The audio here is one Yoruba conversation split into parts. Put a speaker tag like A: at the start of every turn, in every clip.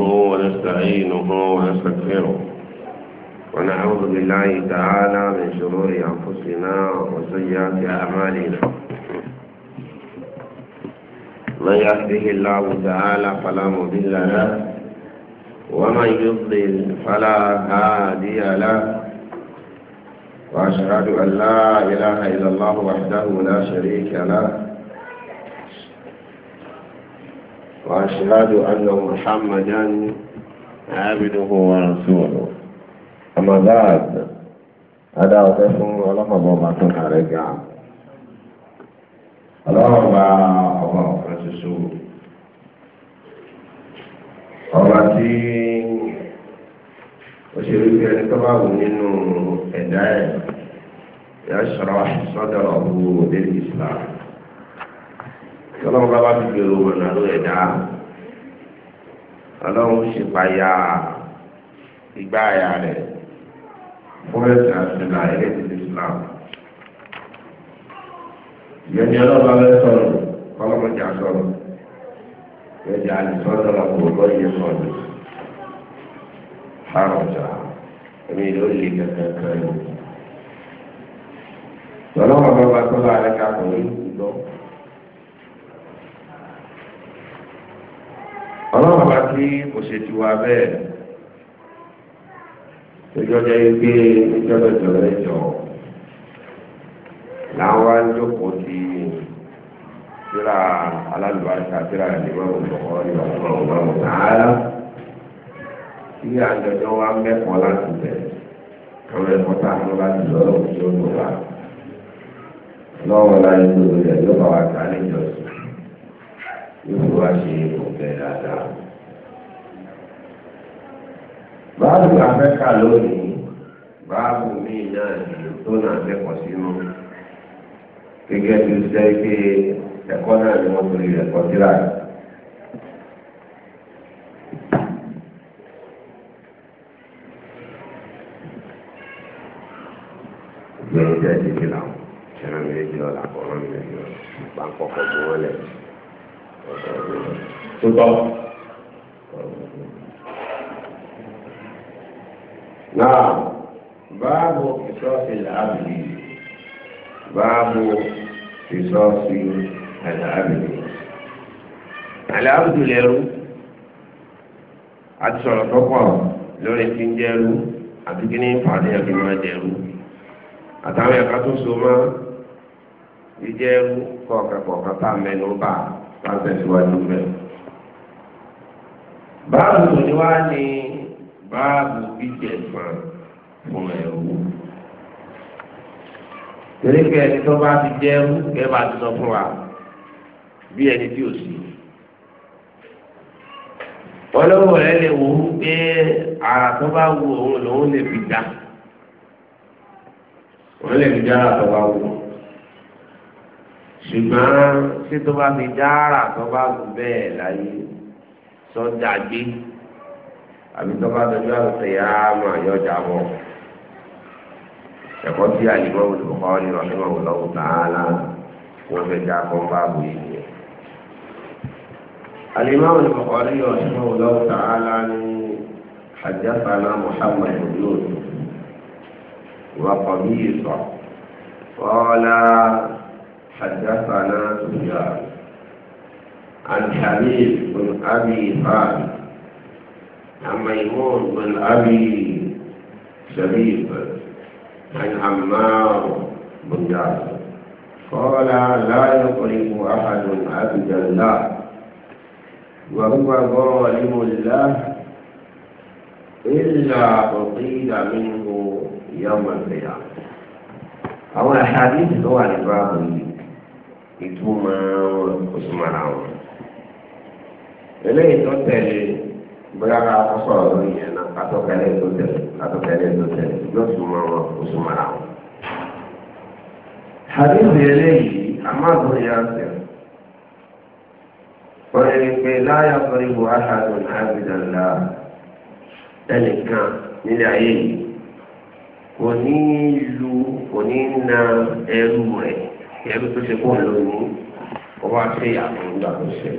A: ونستعينه ونستغفره ونعوذ بالله تعالى من شرور أنفسنا وسيئات أعمالنا من يهده الله تعالى فلا مضل له ومن يضلل فلا هادي له وأشهد أن لا إله إلا الله وحده لا شريك له وأشهد أن محمدا عبده ورسوله أما بعد أدعى وتفهم ولما بابا تنهرجع اللهم أبا فرنسيسو ọba tí ó ẹni tó bá wù nínú ẹ̀dá ẹ̀ yashra sadrahu lil Islam. tọ́lọ́mọ bá bá ti gbèrò ọ̀nà ló ẹ̀dá ọlọ́run ṣèpáyà ìgbà àyà rẹ̀ fọ́rẹ́sì àṣìlá ẹ̀ẹ́dì Islam ìyẹn ni ọlọ́run bá fẹ́ sọ̀rọ̀ kọ́lọ́mọ jà sọ̀rọ̀ ìyẹn ni àlùsọ́dọ̀ lọ́kùnrin lọ́yẹ̀ sọ̀rọ̀ àròjà èmi ló lè kankan kan yìí. ọlọ́run bá bá tọ́lá rẹ̀ kakọ̀ yìí lọ. tí kò ṣe ti wá bẹ́ẹ̀ tójọ́ jẹ́ wípé jọ́bẹ̀jọ́bẹ̀jọ́ làwọn wá ń jókòó ti síra alálùbáríkà síra ìlẹ́wọ̀n ìgbọ̀ngàn ní ọ̀sán ọ̀gbọ̀n tààrà tí àjọjọ́ wa ń mẹ́kọ̀ọ́ láti bẹ̀ àwọn ẹ̀kọ́ tá a ń bá ti lọ́rọ̀ tí ó lò wá lọ́wọ́ láyé tó lórí wa ta ní ìjọsìn yóò wá ṣe òkè dáadáa báàbù afẹ́ka lónìí báàbù míì náà ní tó náà lẹ́kọ̀ọ́ sínú gẹ́gẹ́ bí ó jẹ́ pé ẹ̀kọ́ náà ni wọ́n torí ẹ̀kọ́ síra yìí. lẹ́yìn tí a ti fi làwọn ṣẹlẹ̀ mi lè lọ làkọ̀ọ́ mi lè lọ bá ń kọ́kọ́ tó wọlé. tó tọ́. نعم باب قصاص العبد باب قصاص العبد العبد ليرو àtisọ̀rọ̀ tó pọ̀ lórí tí ń jẹ́rú àti kí ní àti máa jẹ́rú àtàwọn ẹ̀ka tó so ma jíjẹ́rú kọ̀ọ̀kan kọ̀ọ̀kan tá a mẹ́nu bá a tẹ̀síwájú bẹ́ẹ̀. wá ní báàbù jíjẹ̀fàn fún ẹ̀rú. torí pé ẹni tó bá ti jẹ́ ẹrú kẹ́ bá ti sọ fún wa bí ẹni tí ò sí. olówó rẹ lè wò ó pé ara tó bá wù òun lòun lè fi dá òun lè fi dá ara tó bá wù ṣùgbọ́n ṣé tó bá fi dá ara tó bá wù bẹ́ẹ̀ láyé sọ́jà gbé àbí tó bá dojú àlùfẹ́ yá mà yọjà bọ̀ ẹ̀kọ́ tí àyìnbó olùkọ́ ní ọ̀nìmọ̀ òlọ́wọ́ tààlà wọ́n fẹ́ já kọ́ báàbò yìí nìyẹn. الإمام البخاري رحمه الله تعالى حدثنا محمد بن يوسف وقبيصة قال حدثنا سفيان عن حبيب بن أبي ثابت عن ميمون بن أبي شبيب عن عمار بن ياسر قال لا يقرب أحد عبد الله وهو ظالم له إلا أطيل منه يوم القيامة أو الحديث هو الباب يتوما وسمعنا إليه تتلي bóyá ká kó sọ̀rọ̀ lórí yẹn náà kátó kẹlẹ́ tó tẹ̀lé kátó kẹlẹ́ tó tẹ̀lé yóò tún mọ wọn kó sún mọ́ra wọn. Hadith eléyìí amadu ya ń tẹ̀. Wọ́n yẹ pé láyà sọ̀rọ̀ ìwò aṣáájú àbìdàlá ẹnìkan ayé yìí kò ní lu kò ní na ẹrú rẹ̀ ẹrú tó ṣe kó lónìí kó ya àwọn ìgbà tó ṣe.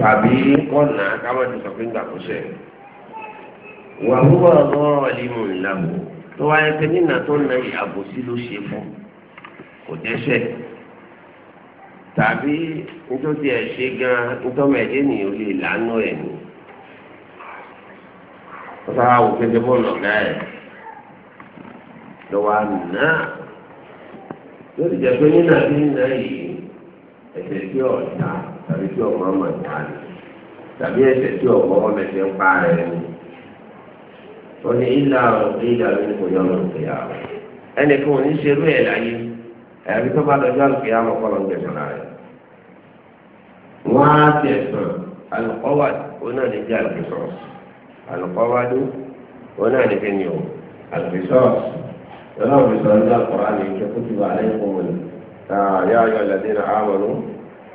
A: tàbí kọ́nà káwọn ti sọ pé ńgbà kó ṣe. wà wúwo ọ̀rọ̀ ọ̀lẹ́mù ìlànà tó wáyé pé nínà tó na àbòsí ló ṣe fún kò dẹ́ṣẹ̀ tàbí nítorí ẹ̀ ṣe gan-an nítorí ẹ̀jẹ̀ nìyẹn ò lè ẹ̀ nù. wọ́n sábà wò pé bọ́ọ̀lù ọ̀gá ẹ̀ lọ́wọ́ àná lórí ìjẹ́ pé nínà tó na yìí ẹ̀ṣẹ̀ tí ọ̀dà tàbí tí ọmọ ọmọ ìta ni tàbí ẹsẹ̀ tí ọmọ ọmọ ẹsẹ̀ ń pa rẹ̀ ni wọ́n ní ilà ọ̀rọ̀ ilà ọ̀rọ̀ kò yọ ọ̀rọ̀ kò yà ọ̀ ẹnì kan ò ní ṣerú ẹ̀ láyé ẹ̀rí tó bá lọ́jọ́ àlùkò yà ọmọ kọ́lọ́ ń gbẹ̀sán rẹ̀ wọ́n á ti ẹ̀sán alùkọ́wà oná ní fi ni o ọlọ́run sọ̀rọ̀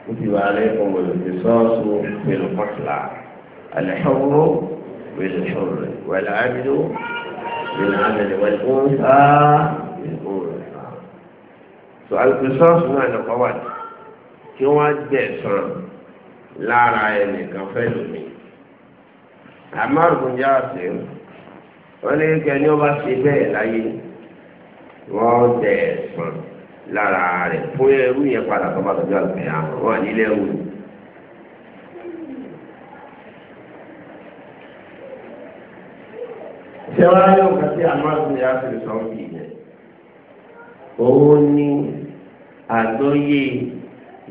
A: كتب عليكم القصاص في القتلى الحر بالحر والعبد بالعمل والأنثى بالأنثى فالقصاص من القوات كما تدعسان لا رأيني كفلني عمار بن ياسر ولكن يوم السبيل أي وأدعسان lára rẹ̀ fún ẹrú yẹn padà tó bá tọ́jú àlùfẹ́ àwọn wà nílé ẹrú. ṣé wàá yóò kà sí àmọ́tò yà sí sọ́ọ̀kì yẹn òun ni àgbọ́yé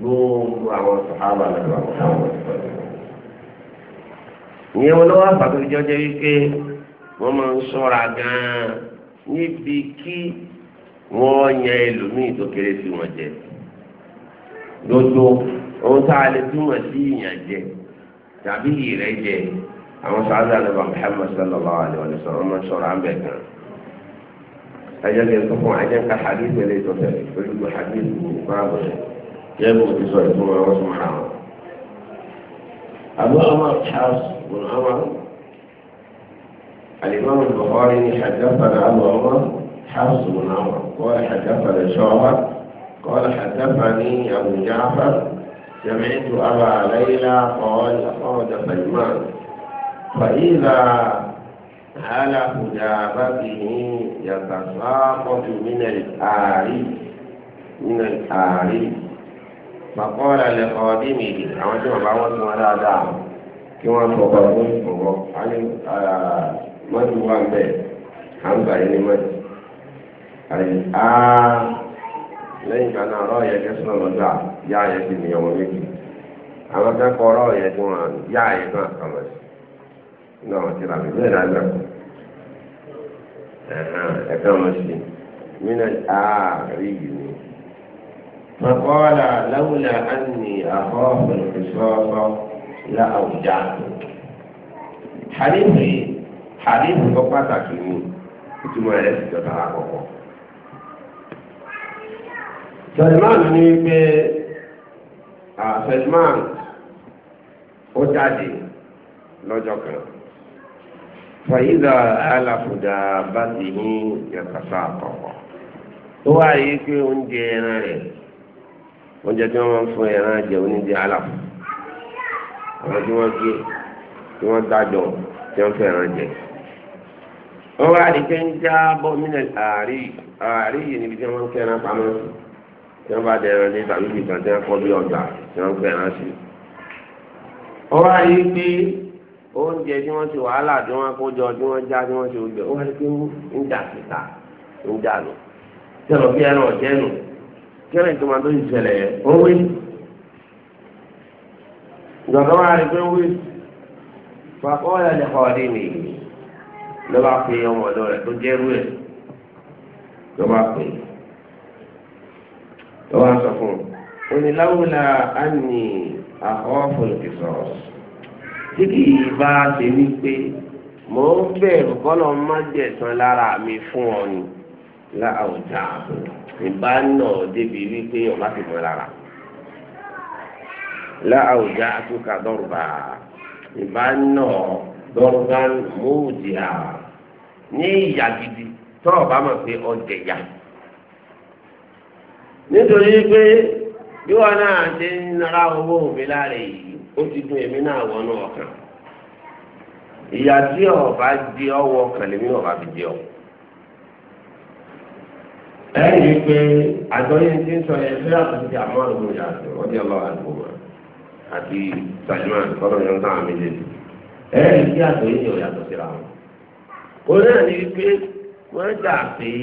A: gbogbo àwọn sàhábà lọ́wọ́ àwọn sàhábà ìyẹn wọn lọ́wọ́ àfàkùnjọ́jẹ́ wípé wọ́n máa ń ṣọ́ra gan-an níbi kí. wọ́n yan ẹlòmíì tó kéré sí wọn jẹ dodo ohun tá a lè túmọ̀ sí ìyàn jẹ tàbí ìrẹ́ jẹ àwọn sáájú àlebà Muhammad sallallahu alayhi wa sallam ọmọ sọ̀rọ̀ àmbẹ̀ kan ẹjẹ kí n tó fún ẹjẹ ká hadith ẹlẹ́yìí tó tẹ̀lé olùkọ́ hadith ní báàbò rẹ̀ jẹ́ bó ti sọ Ama. حسبنا قال حدثنا شعبة قال حدثني أبو جعفر سمعت أبا ليلى قال خرج سلمان فإذا على حجابته يتساقط من الآري من الآري فقال لقادمه عندما بعوض ولا دعم كما فقط عليه من هو عن عن بعين مجد lẹ́yìn ìgbà náà ọ̀rọ̀ yẹn kẹsàn án lọ́jọ́ yá yẹn ti ní ọmọ méjì àwọn akẹ́kọ̀ọ́ ọ̀rọ̀ yẹn ti wọn yá yẹn náà kàn lọ sí ní ọmọ tí ra mi bẹ́ẹ̀ náà lọ ẹ̀ka ọmọ sí mí rí yìí ni. فقال لولا أني أخاف القصاص لأوجعتك حديثي حديث tó pàtàkì ni ìtumọ̀ rẹ̀ Sẹ̀lmán ní pé Sẹ̀lmán ó jáde lọ́jọ́ kan. Fàyídà aláfùdà bá ti ní yàtàṣà àkọ́kọ́. Ó wá yí pé oúnjẹ ẹran rẹ̀, oúnjẹ tí wọ́n máa ń fún ẹran jẹ oníjẹ aláfù. Àwọn tí wọ́n gé, tí wọ́n dájọ́, tí wọ́n fẹ́ jẹ wọ́n wá di pé ń já bọ́ mílẹ̀ àárí àárí yìí níbi tí wọ́n ń kẹ́ran pamọ́ sí tí wọ́n bá dẹrẹ ní tàbí ìgbà tí wọ́n kọ́ bí ọgbà tí wọ́n fẹ́ràn sí. ó wá yí pé oúnjẹ tí wọ́n ti wàhálà tí wọ́n kó jọ tí wọ́n já tí wọ́n ti gbẹ ó wá yí pé ń jà síta ń jà lọ tí wọ́n fi ẹran ọ̀jẹ́ nù kí ẹ̀rìn tó máa tó ìṣẹ̀lẹ̀ yẹn ó wí. ìgbà kan wá rí pé wí fàkọ́ ọ̀yà lè kọ́ ọdẹ nìyí ló bá pe ọmọ ọ̀dọ́ tó jẹ́rú ẹ̀ ló bá pe é tó wá sọ fún un oníláwùlà àní àkọ́fọ̀lù kìsọ̀rọ̀ tí kì í bá ṣe ní pé mò ń bẹ̀rù kọ́lọ̀ má jẹ̀sán lára mi fún ọ ni láàwùjá ìbá náà débi wípé ọba ti mọ lára láàwùjá àtúkà dọ́rùbà ìbá náà dọ́rùbà mọ́ọ̀dìyà ní ìyá gidi tọ́ mọ̀ pé ọjẹ̀ yá. nítorí pé yíwá náà ti ń nara owó òbí láre yìí ó ti dùn èmi náà wọnú ọkàn ìyá tí ọba di ọwọ kan ọba fi di ọ ẹ̀yìn pé àjọyé ti ń sọ yẹn fẹ́ àtúntì àmọ́ àdúgbò yà sọ ọdí ọlọ́wà àdúgbò wa àti Salman kọ́nà yọ̀ síra wọn. náà wọ́n pé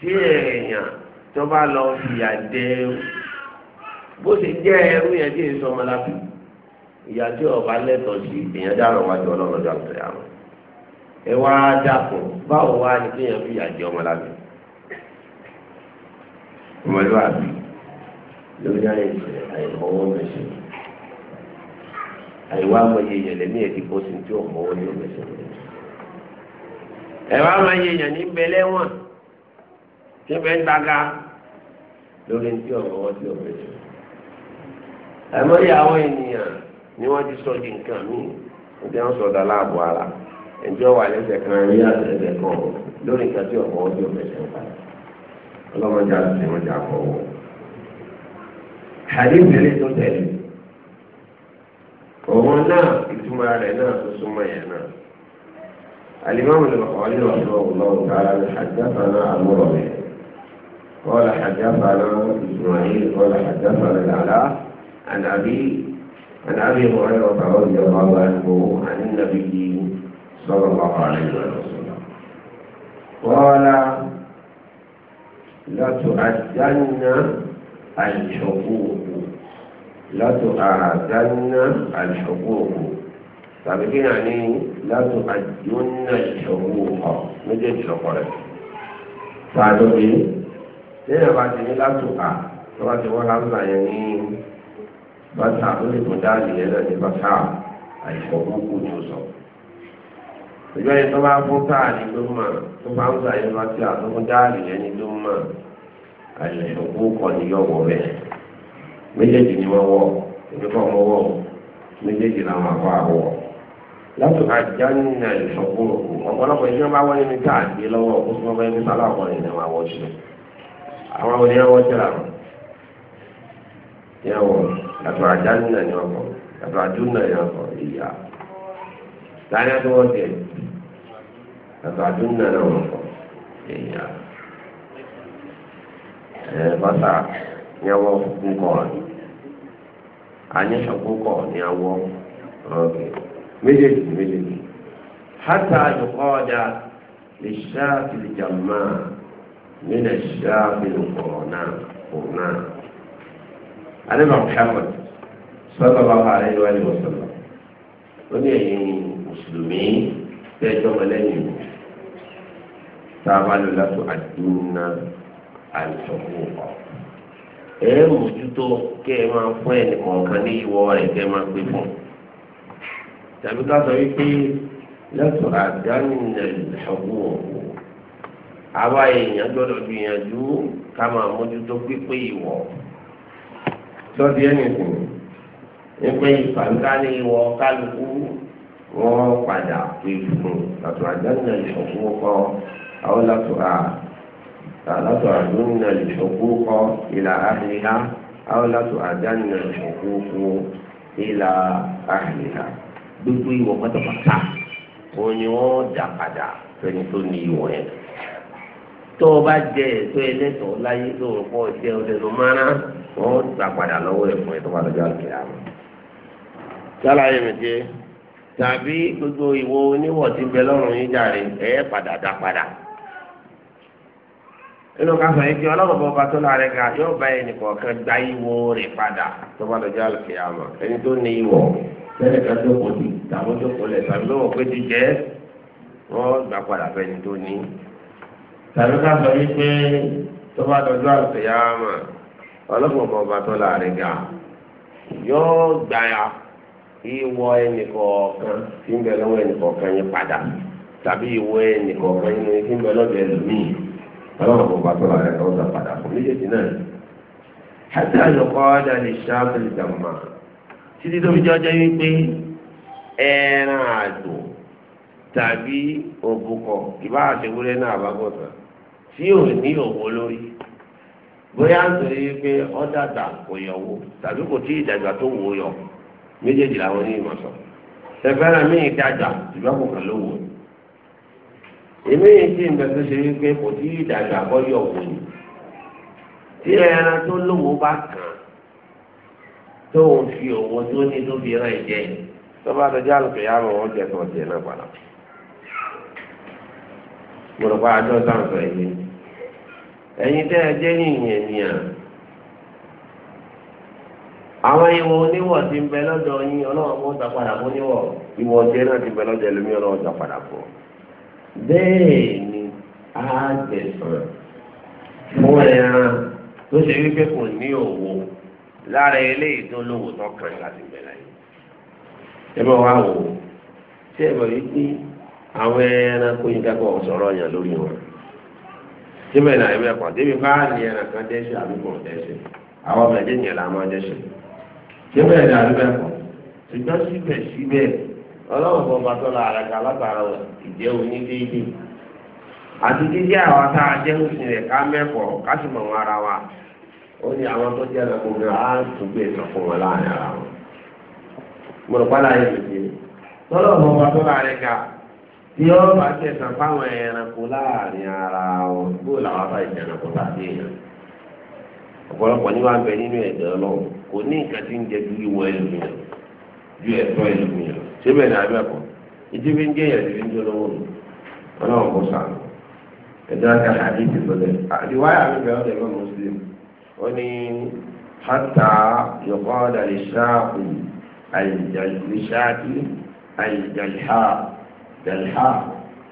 A: tí èèyàn tó bá lọ fìyà jẹ ẹrú bó ṣe jẹ ẹrú yẹn kí n sọ ọmọ lábì ìyá tí ọba lẹ́tọ̀ọ́ sí èèyàn dárò wájú ọlọ́run ọjọ́ àti àwọn ẹ wá dàpọ̀ báwo wá ni kéèyàn fìyà jẹ ọmọ lábì ọmọlúwàbí lórí àìsàn àìmọwọ mẹsẹ àìwá amọye èèyàn lẹmí ẹ ti bọ sí tí ọmọwọ ní ọmọẹsẹ mẹsẹ ẹwà amọye èèyàn ní bẹlẹ tí bẹ ń daga lórí tí ọ̀rọ̀ wọn ti ọ̀rọ̀ jù. àìmọye àwọn ènìyàn ni wọ́n ti sọ di nǹkan míì wọ́n ti sọ ọ̀dà láàbọ̀ ara ẹ̀jọ́ wà lẹ́sẹ̀ kan rí àtẹ̀lẹ̀ kan lórí nǹkan tí ọ̀rọ̀ wọn ti ọ̀rọ̀ jù. ọlọ́mọdé àti ìwọ̀njà kọ̀ wọ́n. àdébìlẹ̀ tó tẹ̀lé òun náà ìtumọ̀ rẹ̀ náà tó súnmọ́ yẹn náà. الإمام البخاري رحمه الله تعالى حدثنا عن مرة قال حدثنا إسماعيل قال حدثنا العلاء عن أبي عن أبي هريرة رضي الله عنه عن النبي صلى الله عليه وسلم قال لتؤدن الحقوق لتؤدن الحقوق طب إيه يعني لتؤدن الحقوق مجد شقرك فعدوا إيه؟ lẹ́yìn àbá ti ní látòkà tó bá ti wọ́n lámúlà yẹn ní bàtà lè tó yẹn ni sọ. ìjọ yẹn tó bá fún káàdì ló mọ̀ tó bá ń gbà yẹn bá ti àtúntò dáàlì yẹn ní ló mọ̀ àìsàn gbogbo ní yọ̀wọ̀ rẹ̀ méjèèjì ni wọ́n wọ̀ èmi kọ́ mọ́ wọ̀ méjèèjì làwọn àkọ́ àwọ̀ látòkà jáde ní àìsàn gbogbo ọ̀pọ̀lọpọ̀ ìṣẹ́ àwọn òní ẹwọ́ tíra wọn yẹn wọ yàtọ̀ àjánà ni wọn kọ yàtọ̀ àjúnà ni ìyá láyé tó wọ́n tẹ̀ yàtọ̀ àjúnà ni wọn kọ ìyá ẹ̀ bàtà ni ẹwọ́ ńkọ nínú ẹ̀ṣá nínú ọ̀rọ̀ náà òun náà. alẹ́bàá Muhammad sallallahu alaihi wa alihi wasallam ó ní ẹ̀yin mùsùlùmí tẹ́jọ́ mọ́lẹ́yìn mi tá a bá lò látò àdúrà àìsànwó ọ̀. ẹ ẹ mójútó kẹ́ ẹ máa fún ẹnì kọ̀ọ̀kan ní ìwọ rẹ̀ kẹ́ ẹ máa pé fún. tàbí ká sọ wípé látò àdánù àìsànwó ọ̀ àwa èèyàn gbọ́dọ̀ gbìyànjú ká máa mójútó pípé ìwọ lọ́dí ẹnìkan nípa ìfàǹkálẹ̀ ìwọ kálukú wọn padà pé fún lọ́tọ̀ àjọ́nà ìṣòkú kọ́ àwọn lọ́tọ̀ à lọ́tọ̀ àjọ́nà ìṣòkú kọ́ ìlà àhìlá àwọn lọ́tọ̀ àjọ́nà ìṣòkú kọ́ ìlà àhìlá gbogbo ìwọ pátápátá òun ni wọ́n dà padà fẹ́ni tó ní ìwọ yẹn tó o bá jẹ ètò ẹlẹ́tọ̀ọ́ láyé tó o kọ́ ìṣe ọ̀dẹ̀nu mọ́ra wọ́n gbà padà lọ́wọ́ ẹ̀ fún ẹ tó bá lọ́jọ́ àlùkè àmọ́. sálàyé mi ti tàbí gbogbo ìwo oníwọ̀ ti bẹ lọ́rùn yín jàre ẹ̀ padà dá padà. inú ká sọ yìí kí ọlọ́run bọ́ bá tó lára ga yóò bá ẹnì kọ̀ọ̀kan gba ìwo rẹ̀ padà tó bá lọ́jọ́ àlùkè àmọ́ ẹni tó ní ìwọ̀ tẹ́lẹ̀ ká tó kò tàbí ká sọ wípé tó bá dọjọ́ àlùkìyámà ọlọ́pàá ọba tó láàrin ga yóò gbàyà ìwọ ẹnìkọ̀ọ̀kan tí ń bẹ lọ́wọ́ ẹnìkọ̀ọ̀kan yẹn padà tàbí ìwọ ẹnìkọ̀ọ̀kan yẹn tí ń bẹ lọ́dọ̀ ẹlòmíì ọlọ́pàá ọba tó láàrin ga padà fún náà. lè ìjàmbá títí tó fi jẹ́ ọjọ́ ẹran àdùn tí ò ní òwò lórí bóyá nítorí pé ó dàgbà kò yọwó tàbí kò tí ì dàgbà tó wò yọ méjèèjì làwọn ní ìmọ̀ sọ ẹgbẹ́rún míì dàgbà ṣùgbọ́n kò kàn lówó èmi yìí tí tó ṣe wípé kò tí ì dàgbà kọ́ yọ òwò ni tí ẹran tó lówó bá kàn tó ń fi òwò tó ní tó fi rẹ̀ jẹ tó bá dọjọ́ àlùkò yà mọ̀ wọ́n jẹ tó náà padà mo rò pé ẹ̀yin tẹ́ ẹ jẹ́ yìnyín ènìyàn àwọn ìwọ ti ń bẹ lọ́dọ̀ yín ọlọ́run kó ta padà fún níwọ̀ ìwọ ọjẹ́ náà ti bẹ lọ́dọ̀ ẹlòmí ọlọ́run ta padà fún ni á gbẹ̀sán fún ẹran tó ṣe wípé kò ní òwò lára eléyìí tó lówó tó kàn láti bẹ̀rẹ̀ yìí ẹ bá wò ṣé ẹ bọ̀ wípé àwọn síbẹ̀ náà ẹ̀mẹ́ kan débi bá ní ẹran kan dẹ́sẹ̀ àbí kò dẹ́sẹ̀ àwọn ọmọ ẹ̀jẹ̀ yẹn dẹ́sẹ̀ fún ọba tó ara látara ìjẹ́ àti àwa tá a jẹ́ òsìn rẹ̀ ká mẹ́kọ̀ọ́ ká sì mọ̀ wọn ara wa ó ní àwọn tó jẹ́ ẹranko gan á tún gbé ìtàn fún wọn láàrin ara wọn tí ó bá tẹ̀sán fáwọn ẹranko láàrin ara wọn bó làwọn bá ìjẹranko tàbí èèyàn ọ̀pọ̀lọpọ̀ ní wàá bẹ nínú ẹ̀dọ́ ọlọ́run kò ní nǹkan tí ń jẹ ju ìwọ ẹlòmíràn ju ẹ̀tọ́ ẹlòmíràn ṣé bẹ́ẹ̀ ni abẹ́kọ̀ ìdí fi ń jẹ́ ìyàtí fi ń jẹ́ lọ́wọ́ mi ọlọ́run kò sàn ẹ̀dọ́ àti àdìsí sọ̀lẹ̀ àdìwáyà mi bẹ̀rẹ̀ ọ̀dẹ̀ mọ́ mùsùlùmí ó ní hátà yọ̀kọ́ ọ̀dà lè ṣáàpù àìjàlìṣáàkì àìjàlìṣáàpù dàlíhà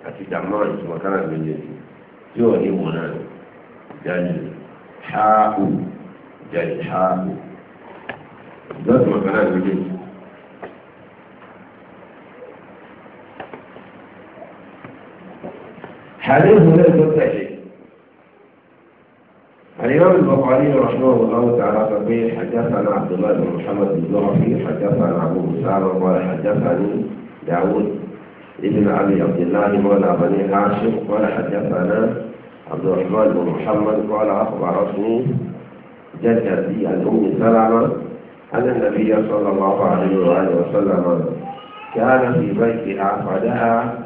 A: àti dàmọ́ ìtumọ̀ kára méjèèjì tí ò ní wọn náà dàlíhàù dàlíhàù ìtumọ̀ kára méjèèjì. حديث ليس التحليل الإمام البخاري رحمه الله تعالى فقيه حدثنا عبد الله بن محمد الزهري حدثنا أبو مسعود قال حدثني داود ابن أبي عبد الله مولى بني هاشم قال حدثنا عبد الرحمن بن محمد قال أخبرتني جدتي عن أم سلمة أن النبي صلى الله عليه وآله وسلم كان في بيتها فدها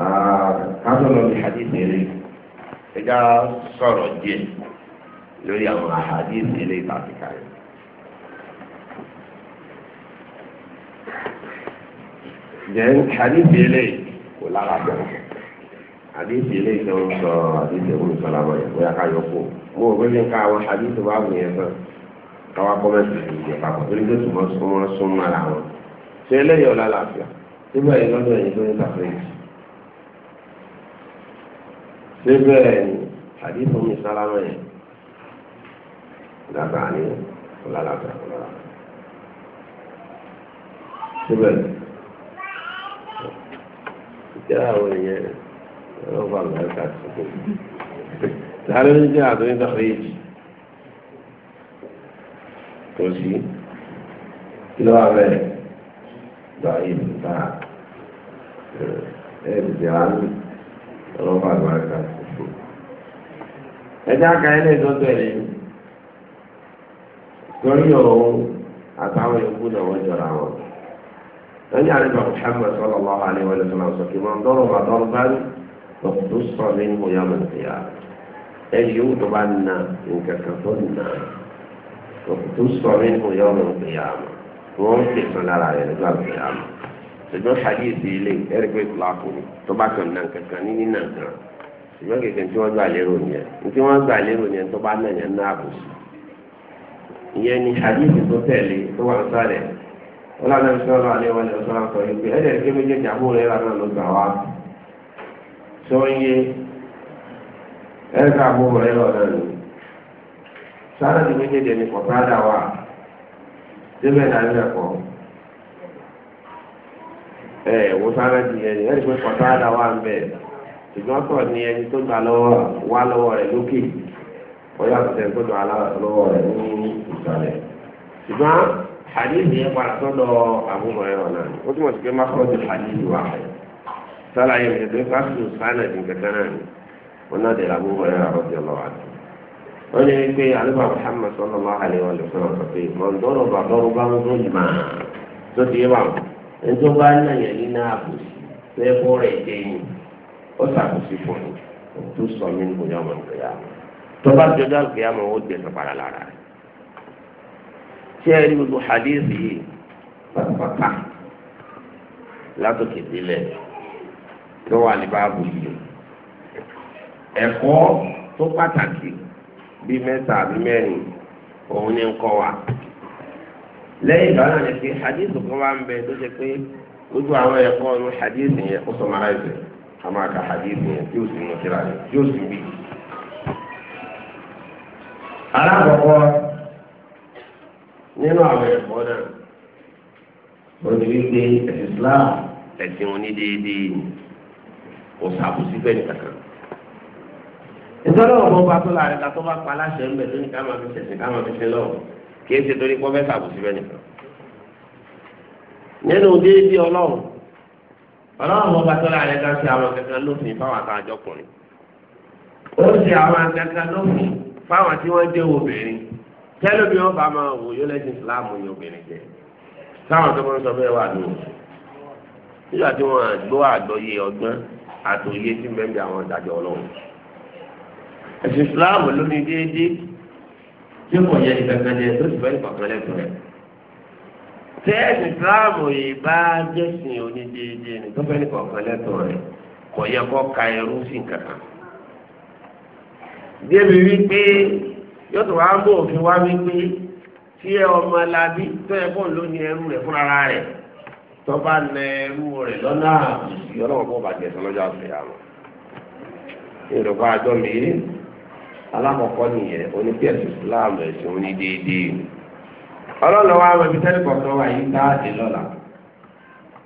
A: آه، حصل بحديث إليك إذا صار الجن لولي أمر حديث إليه تعطيك عليه then hadithi eléyìí kò lára bẹ̀rẹ̀ hadithi eléyìí tó ń sọ hadithi ìwé ìsọlámọ yẹn bóyá ká yọ kó mo ò gbé ká àwọn hadithi wà wù yẹn fún káwá kọ́mẹ́ntì ti jẹ papọ̀ torí pé sùnmọ́ sùnmọ́ sùnmọ́ ara wọn ṣé eléyìí ọ̀la làáfíà síbẹ̀ yìí lọ́dọ̀ yìí tó ń sàfẹ́yìn síbẹ̀ yìí hadithi ìwé ìsọlámọ yẹn dàgbà ni ọ̀la làáfíà ọ̀la làáfíà síbẹ̀ yìí kíra àwọn èèyàn ẹ̀rọ fà lọ́ọ̀ká tó láàrin ní kíra àtúnyí náà èjì kò sí kí ló wà bẹ́ẹ̀ lọ ìlú tá ẹ̀rù jẹ́ àánú ẹ̀rọ fà lọ́ọ̀ká tó ẹjá ka ẹ̀ lẹ́yìn tó tẹ̀lé torí òun àtàwọn yòókù náà wọ́n jọra wọn ẹni àlejò Muhammad sallallahu alayhi wa sallam sọ kí wọn dọrọ bá dọrọ bá ní lọkùtù sọ̀rọ̀ ní ìmọ̀ yàmù ìyá ẹni yóò tó bá nà nǹkan kan tó nà lọkùtù sọ̀rọ̀ ní ìmọ̀ yàmù ìyá wọn fi sọ lára rẹ nígbà ìyá mọ ṣùgbọ́n hadithi ilé ẹ̀rí pé ìlàkùn tó bá kàn nà kankan ní yẹn náà kù ìyẹn ni hadithi tó tẹ̀lé tó wà ń wọn náà lẹ́nu sọ́nà alẹ́ wọn lẹ́nu sọ́nà sọ yìí pé ẹ̀dẹ̀ ní kébé jẹ́jà bó rẹ̀ lánàá ló gbà wá sọ yé ẹ̀ka bó rẹ̀ lọ́nà lò sáré ní méjèèjì ní kọ̀tàdà wà débẹ̀ náà lẹ́ kọ́ ẹ̀ wò sáré ti yẹ ẹ̀ ní kọ̀tàdà wà ń bẹ̀ ṣùgbọ́n sọ̀ ni ẹni tó gbà lọ́wọ́ wá lọ́wọ́ rẹ̀ lókè wọ́n yàtọ̀ sẹ́ni tó gbà lọ́wọ́ rẹ̀ ní ìsàlẹ̀ ṣùgbọ́n àdéhùn yẹn padà sọ́dọ̀ àbúrò ẹ̀ ọ̀nà ó túmọ̀ sí pé má kọ́ ju àdéhùn wa sálàyé mi pé fásitì sálẹ̀ ní kẹtẹ́ náà ni wọn náà dẹ̀rẹ̀ àbúrò ẹ̀ ọ̀dì ọ̀lọ́ àti. wọ́n yẹ pé alẹ́ bá Muhammad sọ́nà máa hàlẹ́ wọn lè sọ̀rọ̀ sọ pé mọ̀ndọ́rọ̀ bàbọ́rọ̀ bá ń rún ìmọ̀ tó ti yé báwọn. ẹni tó bá náà yẹn ní náà àbòsí lẹ́kọ́ rẹ̀ jẹ́ yìí ó ṣàkóso fún mi tó sọ mí nìkan yà tí ẹ rí gbogbo hadith yìí pátápátá látòkè délẹ̀ tó wà ní báàbù yìí ẹ̀kọ́ tó pàtàkì bíi mẹ́ta àbí mẹ́rin òun ni ń kọ́ wa lẹ́yìn ìgbà náà ni pé hadith kan wá ń bẹ tó ṣe pé gbogbo àwọn ẹ̀kọ́ ní hadith yẹn ó sọmọ aláìsẹ̀ a máa ka hadith yẹn tí ó sì nù síra yẹn tí ó sì wí. alákọ̀ọ́kọ́ nínú àwọn ẹ̀kọ́ náà wọ́n ti rí pé Islam ẹ̀sìn wọn ní déédéé ni kò sàbùsí fẹ́ẹ́ nìkankan. ìtọ́lá ọ̀bọ̀n bá tó láàrin ká tó bá pa aláṣẹ ń bẹ̀ tó ní ká máa fi ṣẹ̀sìn ká máa fi ṣe lọ́wọ́ kì í ṣe torí pọ́ fẹ́ sàbùsí fẹ́ẹ́ nìkan. nínú déédéé ọlọ́run ọlọ́run ọba tó láàrin ká ṣe àwọn kankan lófin fáwọn àtàjọkùnrin ó ṣe àwọn kankan lófin fáwọn tí wọ́n jẹ́ obìnrin tẹ́lẹ̀ bí wọ́n bá máa wò yóò lẹ́sìn ìsìláàmù yóò bẹ̀rẹ̀ jẹ́ táwọn tó máa ń sọ bẹ́ẹ̀ wà lóhùn nígbà tí wọ́n gbọ́ àgbọ́yé ọgbọ́n àtòyé tí mẹ́bí àwọn ìdájọ́ ọlọ́run ẹ̀sìn ìsìláàmù ló ní déédéé tí kò yẹ ìkankan jẹ tó sì fẹ́ ìkankan lẹ́tọ̀ọ́ rẹ̀ tẹ́ ẹ̀sìn ìsìláàmù yìí bá jẹ́sìn onídéédéé ni tó fẹ́ ìkankan lẹ́tọ̀ọ́ rẹ̀ kò yẹ kó ka ẹrú sí nǹkan débi wípé yóò tún wá bó òfin wá wípé tí ẹ ọmọ alábí tó ẹ bọ́ọ̀ ló ní ẹrú rẹ̀ fúnra rẹ̀ tó bá nà ẹrú rẹ̀ lọ́nà yọlọ́wọ́ bó bàjẹ́ sọlọ́jọ́ àfẹ́yà wọn. ìrọ̀pá àjọ mi alákọ̀ọ́kọ́ nìyẹn onípẹ̀sì Islam ẹ̀sìn oní déédéé ọlọ́lọ́wọ́ àwọn ibi tẹ́lẹ̀ kọ̀ọ̀kan wà yìí tá àdé lọ́la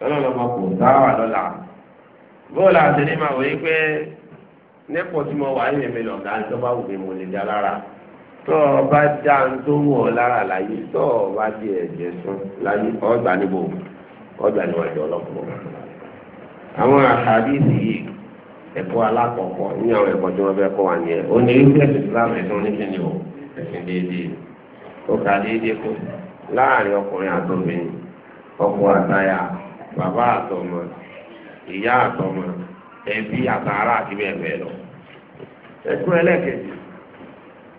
A: ọlọ́lọ́wọ́ kò tá wà lọ́la bóòlù àti ní màá wọ yìí pé nípò tí mo wà yìí mi lọ̀gá tó o bá dá ń tó wù ọ lára láyé tó o bá di ẹ̀jẹ̀ sún láyé ọgbà níbo ọgbà níwájú ọlọ́pọ̀. àwọn àhàdìsì yìí ẹ̀kọ́ alákọ̀ọ́kọ́ ní àwọn ẹ̀kọ́ tí wọ́n fẹ́ kọ́ wa ní ó ní ìsìlámù ka déédéé kó láàrin ọkùnrin bàbá ìyá ẹbí àtàrà àti bẹ́ẹ̀ lọ ẹ̀kọ́ ẹlẹ́kẹ̀ẹ́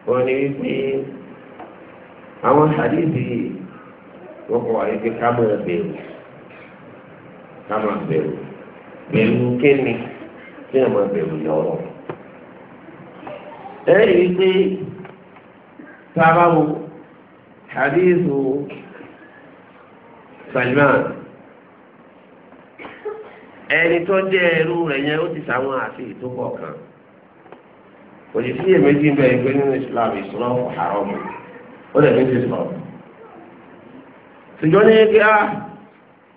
A: wọ́n ní wípé àwọn hadithi wọ́n kọ́ wà wípé ká máa bẹ̀rù ká máa bẹ̀rù kí ẹ máa bẹ̀rù lọ́rọ̀. ẹ wípé hadithu Salman ẹni tó jẹ́ ẹrú rẹ̀ yẹn ó ti sàwọn àti kan. òjì sí èméjì ń bẹ ẹgbẹ́ nínú islam islam haram ó lè ní sísọ. ṣùgbọ́n ní kí á ah,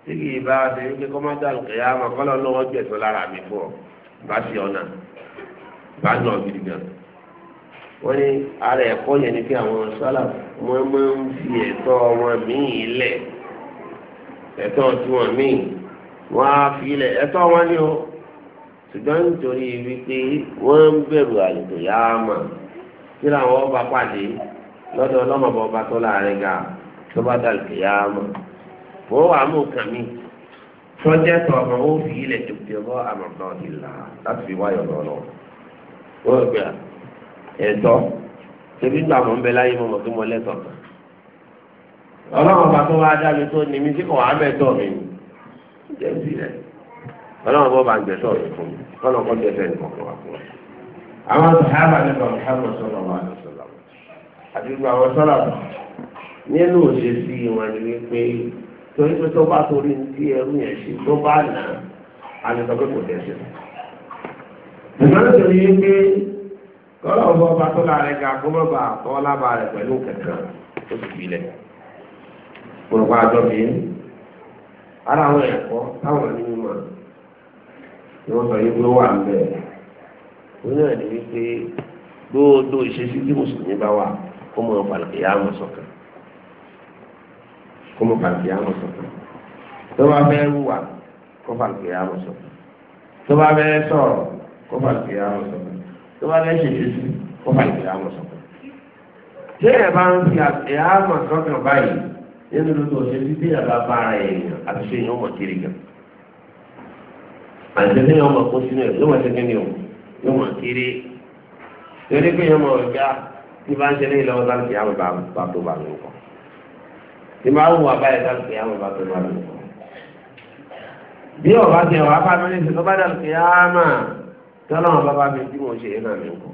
A: tí kì í bá ṣe wípé kọ́mọ́tà kẹ̀yà máa kọ́ lọ́ọ́ lọ́wọ́ gbẹ̀sọ́ lára mi fún ọ bá ṣe ọ̀nà bá nà ọ gidi gan. wọ́n ní ara ẹ̀kọ́ yẹn ni pé àwọn sálà wọ́n máa ń fi ẹ̀tọ́ wọn míì lẹ̀ ẹ̀tọ́ tiwọn míì wọ́n á fi lẹ̀ ẹ̀tọ́ wọn ní o ṣùgbọ́n nítorí wípé wọ́n ń bẹ̀rù àlùkò yá mà kí làwọn ọba pàdé lọ́dọ̀ ọlọ́mọba ọba tó láàrin ga tó bá dà lùkò yá mà wọ́n wà mú kàn mí sọ́jẹ́ tó ọmọ ó fi ilẹ̀ tó fi ọmọ àmọ̀tán ìlà láti fi wáyọ̀ lọ́lọ́ wọ́n gbé ẹ̀tọ́ tẹ̀bí gbà mọ́ ń bẹ láyé mọ́ mọ́ tó mọ lẹ́tọ̀ọ́ kan ọlọ́mọba tó wá dá mi tó ní mi sí kọ̀ wá mẹ́tọ̀ mi ní jẹ́ ìbílẹ̀. ọlọ́run bọ́ bá ń gbẹ̀sọ̀ rẹ̀ fún mi kọ́nà kọ́ fún àwọn sàhábà sọ̀rọ̀ ní àti gbogbo àwọn nínú wọn ni wípé tó bá torí ẹrú yẹn ṣe tó bá nà á ní sọ kò tẹ̀sẹ̀. ìgbọ́n tó ní wípé kọ́nà bọ́ bá tó lára ẹ̀ka kó má bàa kọ́ lába rẹ̀ pẹ̀lú kẹ̀kẹ́ wọ́n sọ yìí pé wà ń bẹ̀. wọ́n náà ní wípé gbogbo ìṣesí tí mùsùlùmí bá wà kó mọ fàlùkìyà mọ̀ sọ̀kan kó mọ fàlùkìyà mọ̀ sọ̀kan tó bá fẹ́ wà kó fàlùkìyà mọ̀ sọ̀kan tó bá fẹ́ sọ̀rọ̀ kó fàlùkìyà mọ̀ sọ̀kan tó bá fẹ́ ṣèṣesí kó fàlùkìyà mọ̀ sọ̀kan. tí ẹ̀ bá ń fi àlùkìyà mọ̀ báyìí nínú lóṣooṣù tí ẹ̀ bá bá ara èèyàn àti ṣe èèyàn mọ̀ kiri gan àtẹ̀lé yẹn ọmọ kó sínú ẹ̀ yóò máa tẹ́kẹ́ ní o yóò máa kéré torí pé yẹn máa gbá tí bá ń ṣẹlẹ̀ ìlọ́wọ́ sáà ń kìí àwọn bàbá tó bá mi kọ́ tí máa wù wàbá yẹn sáà ń kìí àwọn tó bá mi kọ́. bí ọba tẹ ọ abá mi ní sọ bá dà kìí àmà tọ́lá wọn bàbá mi tí mo ṣe é náà mi kọ́.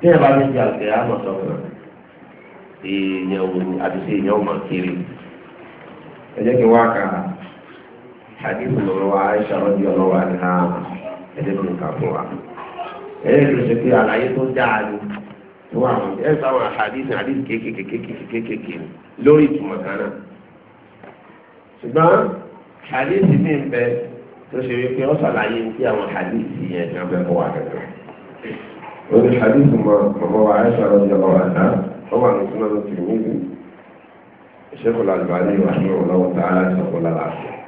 A: tí ẹ bá mi jà kìí àmà sọ̀rọ̀ èèyàn àti ṣe èèyàn máa kéré ẹ jẹ́ kí wọ́n á kà á hadith mọ̀mọ́ wa aisha rọ́bì ọlọ́wọ́ àdìhà ẹ̀dẹ́gbẹ̀rún kàfọ́ wa.
B: ẹ̀yẹ́ tó ṣe pé àlàyé
A: tó dáa ni tó wà wọn ẹ̀ sáwọn hadith hadith kéékèèké lórí ìtumọ̀ kan náà. ṣùgbọ́n hadith mi ń bẹ tó ṣe wípé ó ṣàlàyé tí àwọn hadith yẹn kan bẹ kọ́ wa kankan. wọ́n ní hadith mọ̀mọ́ wa aisha rọ́bì ọlọ́wọ́ àdìhà ó wà ní súnmọ́ lọ́tì Sheikh Al-Albani rahimahullah ta'ala sọ̀kọ́ lára àṣẹ.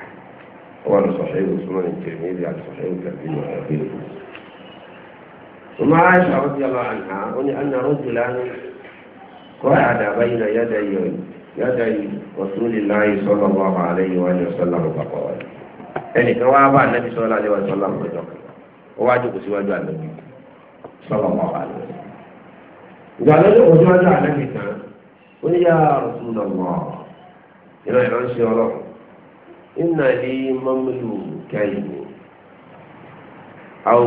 A: وعلى صحيح سنن الترمذي على صحيح الترمذي وغيره ثم عائشة رضي الله عنها أن رجلا قعد بين يدي يدي رسول الله صلى الله عليه وآله وسلم فقال يعني كما أبا النبي صلى الله عليه وسلم وواجب سوى النبي صلى الله عليه وسلم قال له وجوه النبي كان قل يا رسول الله إلى أن شاء innali mamlukayni aw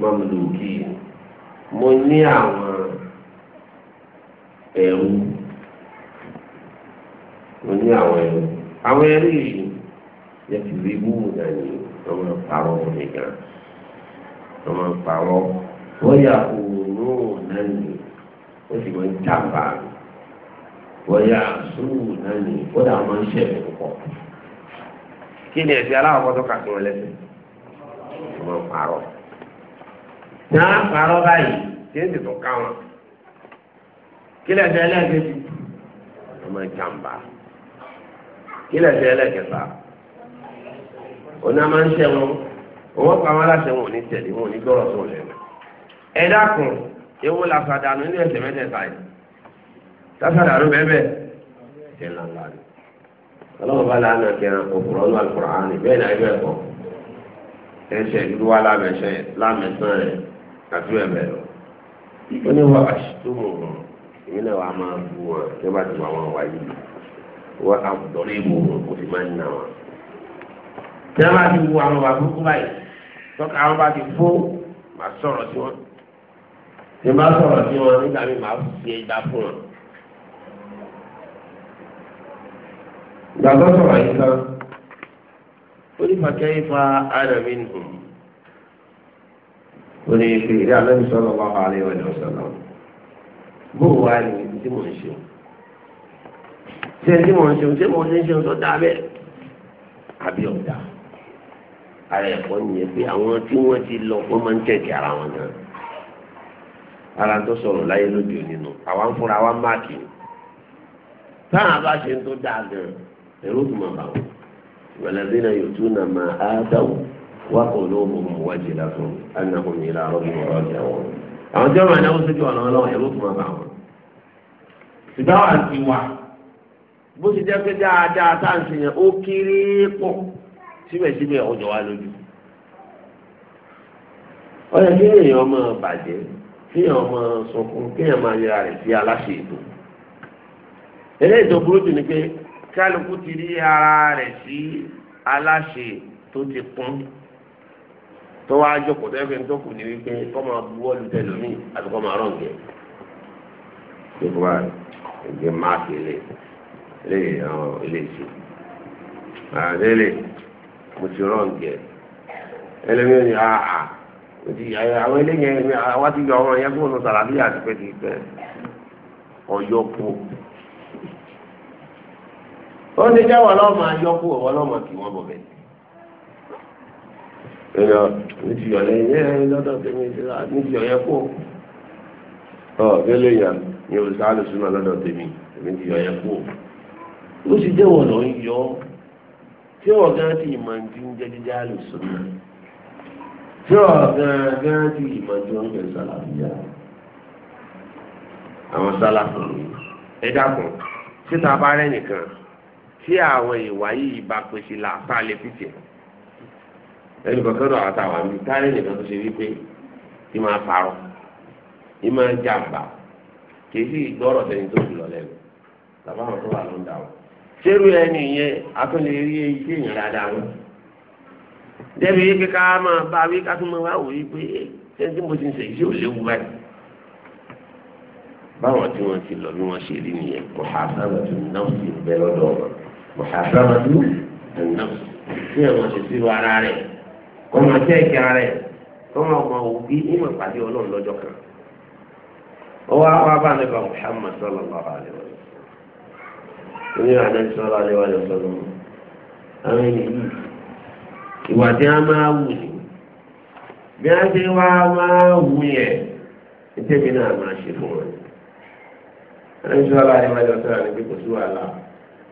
A: mamluki mo ní àwọn ẹrú mo ni awọn ẹrú àwọn ẹrú yìí ya ti rí búburú dání wọn máa parọ́ nìkan wọn máa parọ́ bóyá òórùn nání ó sì kí ni ẹ̀sìn aláwọ̀ fọ́tò kà ọmọ pààrọ̀ tí pààrọ̀ báyìí tí ó sì tún kí lẹ́sìn ọmọ ìjàmbá kí lẹ́sìn ẹlẹ́ẹ̀kẹta oná máa ń ṣẹ́wọ́n owó pa wọn aláṣẹ wọn ò ní tẹ̀lé wọn ò ní gbọ́rọ̀ lẹ́nu ewu ni. ọlọ́run bá lánà kẹran òpùrọ̀ ní alukùránì bẹ́ẹ̀ náà ẹgbẹ́ ẹ̀kọ́ ẹ̀ṣẹ̀ dúdú wá lámẹ̀ṣẹ̀ lámẹ̀sán rẹ̀ àti ẹ̀mẹ̀ lọ. ó ní wọ́n aṣítómù wọn èmi náà wàá máa bu wọn tí wọ́n bá ti wà wọn wáyé wọ́n àbùdọ́rẹ́ ìbò wọn kò sì máa ń nà wọn. tí wọ́n bá ti wu àwọn wà burúkú báyìí tọ́ka àwọn bá ti fó màá sọ̀rọ̀ sí wọn. tí wọ́n bá sọ̀rọ̀ sí wọn nígbà míì màá fi ẹgbà fún wọn. gbàgbọ́ sọ̀rọ̀ yìí tán ó ní màkẹ́ ifá àdàmì nù ó ní ife ìdí àlọ́bí sọ̀rọ̀ wà wà lẹ́yìn ọ̀dọ̀ sọ̀rọ̀ bóò wá ní ibi tí mò ń ṣe ṣé tí mò ń ṣe ṣé mò ń ṣe ń ṣe ń sọ dáa bẹ́ẹ̀ àbí ọ̀dà ara ẹ̀kọ́ nìyẹn pé àwọn tí wọ́n ti lọ wọ́n máa ń tẹ̀kẹ́ ara wọn náà ara tó sọ̀rọ̀ láyé lóde òní nù àwa ń fúnra wa máàkì táwọn abá ń tó dáa gan-an. ẹ̀rú tó máa yóò tún máa á wá kó ló mú wá jìlá fún wọn. àwọn tí wọ́n máa náwó sójú ọ̀nà ọlọ́wọ́ ẹ̀rú tó máa wa bó ti jẹ́ pé dáadáa tá à ń ṣe yẹn ó kéré pọ̀ síbẹ̀síbẹ̀ ọjọ́ wa lójú.
B: ó yẹ kí èèyàn
A: bàjẹ́ máa yẹra rẹ̀ sí kálukú ti rí ara rẹ̀ sí aláṣẹ tó ti kún tó wá jókòó tó ẹgbẹ́ tó kù ní wípé kọ́ máa buwọ́ lu tẹlomi àti kọ́ máa rọ̀ǹgẹ̀. gbogbo wa ẹgbẹ́ máàkì lè lè àwọn iléeṣẹ́ àdélé mo ti rọ̀ǹgẹ̀ ẹlẹ́mìíràn ni àà àwọn eléyìí àwọn ti yọ ọmọ yẹn fún un sàlàbí àti pẹ́ẹ́tì pẹ́ẹ́ ọ̀yọ́ kú ó ti jẹ́ wọn lọ́mọ ayọ́kù wọn lọ́mọ kì wọ́n bọ̀ bẹ́ẹ̀. ìyá níbi ọ̀lẹ́ yẹ lọ́dọ̀ tèmi ti ra níbi ọ̀yẹ́ kú. ọ bẹ́lẹ̀ yà ni olùsàlù súnmọ́ lọ́dọ̀ tèmi níbi ọ̀yẹ́ kú. ó ti jẹ́ wọn lọ ń yọ tí wọn gan ti ìmọ̀ ní ti ń jẹ́ jíjẹ́ àlùsùn náà tí wọn gan gan ti ìmọ̀ ní ti ń jẹ́ sàlàyé àwọn sálà fún ẹ dákun síta bá rẹ nìkan tí àwọn ìwà yìí bá pèsè là a lè fi tiẹ̀ ẹnì kankan náà àtàwọn àmì táyé nìkan tó ṣe wípé tí máa parọ́ tí máa jàǹbá kìí sì gbọ́rọ̀ sẹ́ni tó jùlọ lẹ́nu bàbá àwọn tó wà ló ń dà wọ́n. sẹ́rù ẹni yẹn atúnlẹ̀ rí iṣẹ́ yìí dáadáa wọn. débi yìí kíkà máa bá wí ká tún máa wá wò yí pé sẹ́ni tí mo ti ń sè iṣẹ́ ò léwu báyìí. báwọn tí wọ́n ti lọ bí wọ́n ṣe rí nìyẹn kò há sábà tún náà sì bẹ́ lọ́dọ̀ wọn. mùsàbámàdú ẹ̀nà tí ẹ̀ wọ́n ṣe sí ara rẹ̀ kọ́ máa jẹ́ ìkẹ́ ara rẹ̀ kọ́ máa ma wò bí ìmọ̀ ìpàdé ọlọ́run lọ́jọ́ kan. ọwọ́ sallallahu alaihi wa sallam oní àdéhùn sallallahu alaihi wa a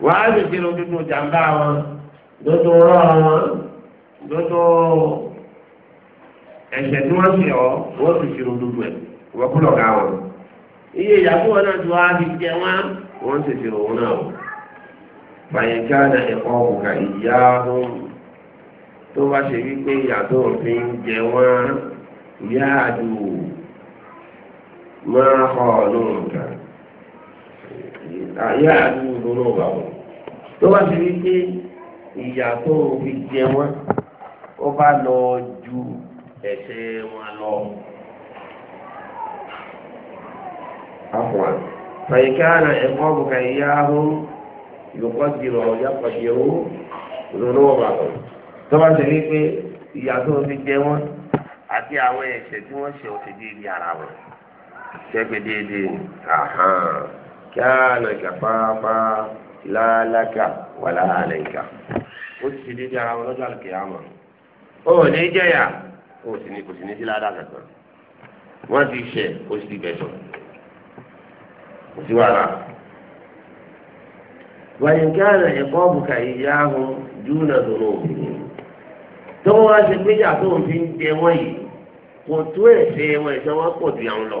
A: wàá lè ṣe lọ gbogbo jàǹbá wọn gbogbo rọ wọn gbogbo ẹsẹ tí wọn ṣe ọ wọ́n ti ṣe wọn. iye ìyàwó wọn náà ti wá fi jẹ wọn wọ́n ti ṣe lọ náà o. fàyẹ̀ká náà ẹ̀kọ́ ọ̀gá ìyá ọ̀hún tó bá ṣe wípé ìyàtọ̀ òfin jẹ wọn máa tó lọ wà wọ́n. tó bá ti rí pé ìyà tó fi jẹ wọ́n ó bá lọ ju ẹ̀ṣẹ̀ wọn lọ. àpọ̀n fàyíkáàna ẹ̀kọ́ bùkà ìyá ahó yòókọ́ dìrọ̀ yàtọ̀ yẹ̀wò lọ́wọ́ wà wọ́n. tó bá ti rí pé ìyà tó fi jẹ wọ́n àti àwọn ẹ̀ṣẹ̀ tí wọ́n ṣe ọ̀sẹ̀ déédéé ara wọn ṣẹ́gbẹ́ ahàn kíáànà kàfáfá lálákà wà láàlẹ́kà ó ti ṣe déédéé ara wọn lọ́jọ́ àlùkè àmọ́ ó ní jẹ́yà ó sì ní kò sì ní sí ládàá kankan wọ́n ti ṣẹ̀ ó sì ti bẹ̀sọ̀ kò sí wàhálà. wàyìn kíáànà ẹ̀kọ́ bùkà ìyá ahùn júùnà dùnú òbí tó wọ́n wá ṣe péjà tó fi ń jẹ wọ́n yìí kò tó ẹ̀ṣẹ̀ wọn ẹ̀ṣẹ̀ pọ̀ ju àwọn lọ.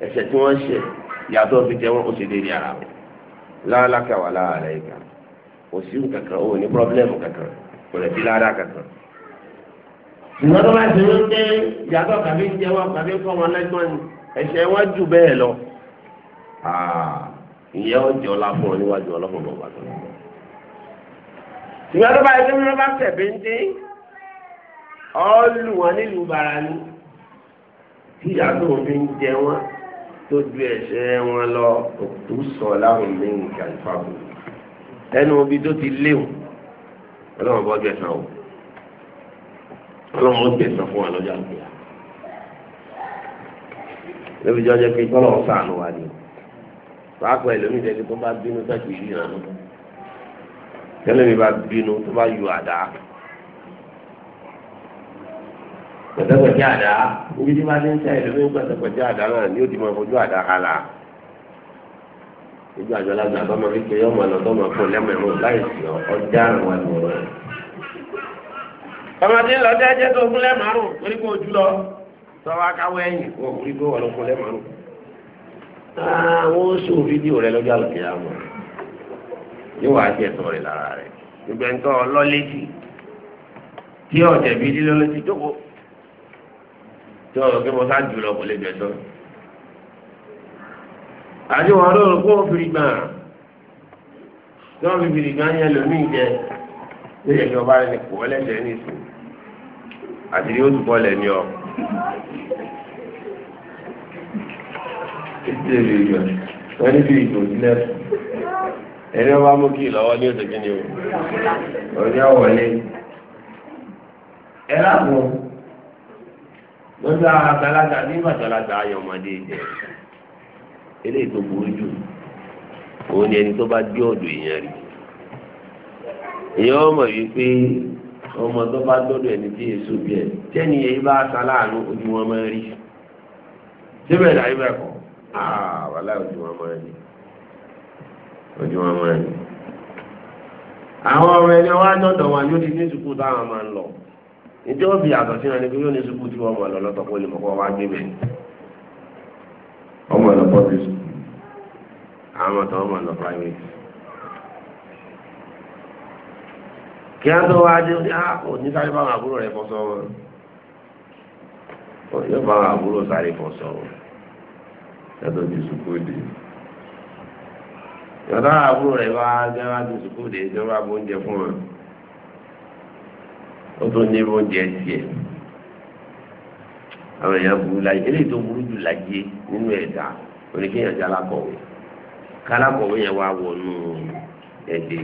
A: ẹ̀ṣẹ̀ tí wọ́n ṣẹ̀ yàtọ̀ fi jẹ wọn ó ṣe déédéé ara wọn láàlákà wà láàlẹ ìgbà kò sí kankan ó ní pírọ́blẹ́mù kankan kò lè fi lára kankan. ìwọ́n tó bá ti ń dé yàtọ̀ kàbí jẹ wọn kàbí kọ́ wọn lẹ́gbọ́n ni ẹ̀ṣẹ̀ wọn jù bẹ́ẹ̀ lọ. Ah, ìyẹn ó jẹ ọlá fún ọ níwájú ọlọ́fun bọ̀ bàtọ́. ìwọ́n tó bá ti ń bá tẹ̀bí ń dín ọ́ lù wọn nílùú bara ni tí yàtọ̀ òfin jẹ wọn tó ju ẹ̀ṣẹ̀ wọn lọ òkú sọ láwọn lẹ́yìn kàlífàbù ẹnu obi tó ti léwu ọlọ́run bọ́ gbẹ̀sán o ọlọ́run ó gbẹ̀sán fún wa lọ́jọ́ àgbẹ̀yà lórí jọjọ pé kọ́lọ́run sànù wa ni pàápàá ẹlòmíì tẹ́lẹ̀ bá bínú tó ti rí ìrànú tẹ́lẹ̀ bá bínú tó bá yọ àdá gbẹdẹgbẹdẹ àdá ibi tí wọn ti ń sẹ́yìn lómi gbẹdẹgbẹdẹ àdá náà ni ó ti mọ fojú àdá kala ojú àjọ alága tọmọ kékeré ọmọ lọ tọmọ fún lẹmọ ẹmọ láì sí ọjà àwọn ẹmọ rẹ. ọmọdé lọ dé ẹjẹ tó fún lẹ́màrún torí kò jù lọ sọwọ́ akáwọ́ ẹ̀yìn kò orí kó wọ́n lọ fún lẹ́màrún. àwọn oṣù fídíò rẹ lọ́jọ́ àlùkè àmọ́ yóò wá jẹ́ ẹ̀tọ́ rẹ̀ lára rẹ̀ ìgbẹ́ntọ́ ọlọ́lẹ́sì tí ọ̀jẹ̀bí lílọ́lẹ́sì jókòó tí wọn lọ pé wọn sáájú lọ kò lè gbẹ̀tọ́. àti wọn lóòrùn kó wọn fìrì gbàn tí wọn fi fìrì gbàn yẹn lómìn jẹ ní ìyẹn ọba rẹ kò wọlé jẹ ní ìsìn àti ní oṣù bọ́ọ̀lù ẹni ọ. wọ́n ní bí ìgò sílẹ̀ ẹni ọba mú kí lọ́wọ́ ní oṣù kìíní o. ọjọ́ wọlé ẹ láàbùn lọ́dọ̀ àgbàlagbà ní àgbàlagbà ayọ̀mọdé eléyìí tó burú jù òun ni ẹni tó bá dé ọ̀dọ̀ èèyàn rí èèyàn ọmọ yìí pé ọmọ tó bá dọ́dọ̀ ẹni tí èso bí ẹ tẹ́ni èyí bá sa láàánú ojú wọn máa rí síbẹ̀ láyé bẹ́ẹ̀ kọ́ wàhálà ojú wọn máa rí ojú wọn máa rí àwọn ọmọ ẹni wá dọ́dọ̀ wọn yóò di ní sùkúù táwọn máa ń lọ nítorí wọ́n fi yàtọ̀ sínú ẹni pé yóò ní sukùú tí wọ́n mọ̀ lọ lọ́tọ̀ kó lè mọ̀ kó wá gbé bẹ̀. ọmọ ọ̀nà public school àwọn ọ̀tọ̀ ọmọ ọ̀nà private. kí á tó wáá dé ó ní ah, sáré báwọn àbúrò rẹ̀ fọṣọ wọn yóò báwọn àbúrò sáré fọṣọ wọn yàtọ̀ ju sukùú dé yàtọ̀ àbúrò rẹ̀ wá gẹ́gẹ́ wá ju sukùú dé ìjọba bó ń jẹ fún wọn. ó tó ní oúnjẹ tiẹ̀ àwọn èèyàn burú láyé eléyìí tó burú jù láyé nínú ẹ̀dá oníkéèyàn jẹ́ kálákọ̀wé yẹn wọ wọnú ẹ̀dẹ̀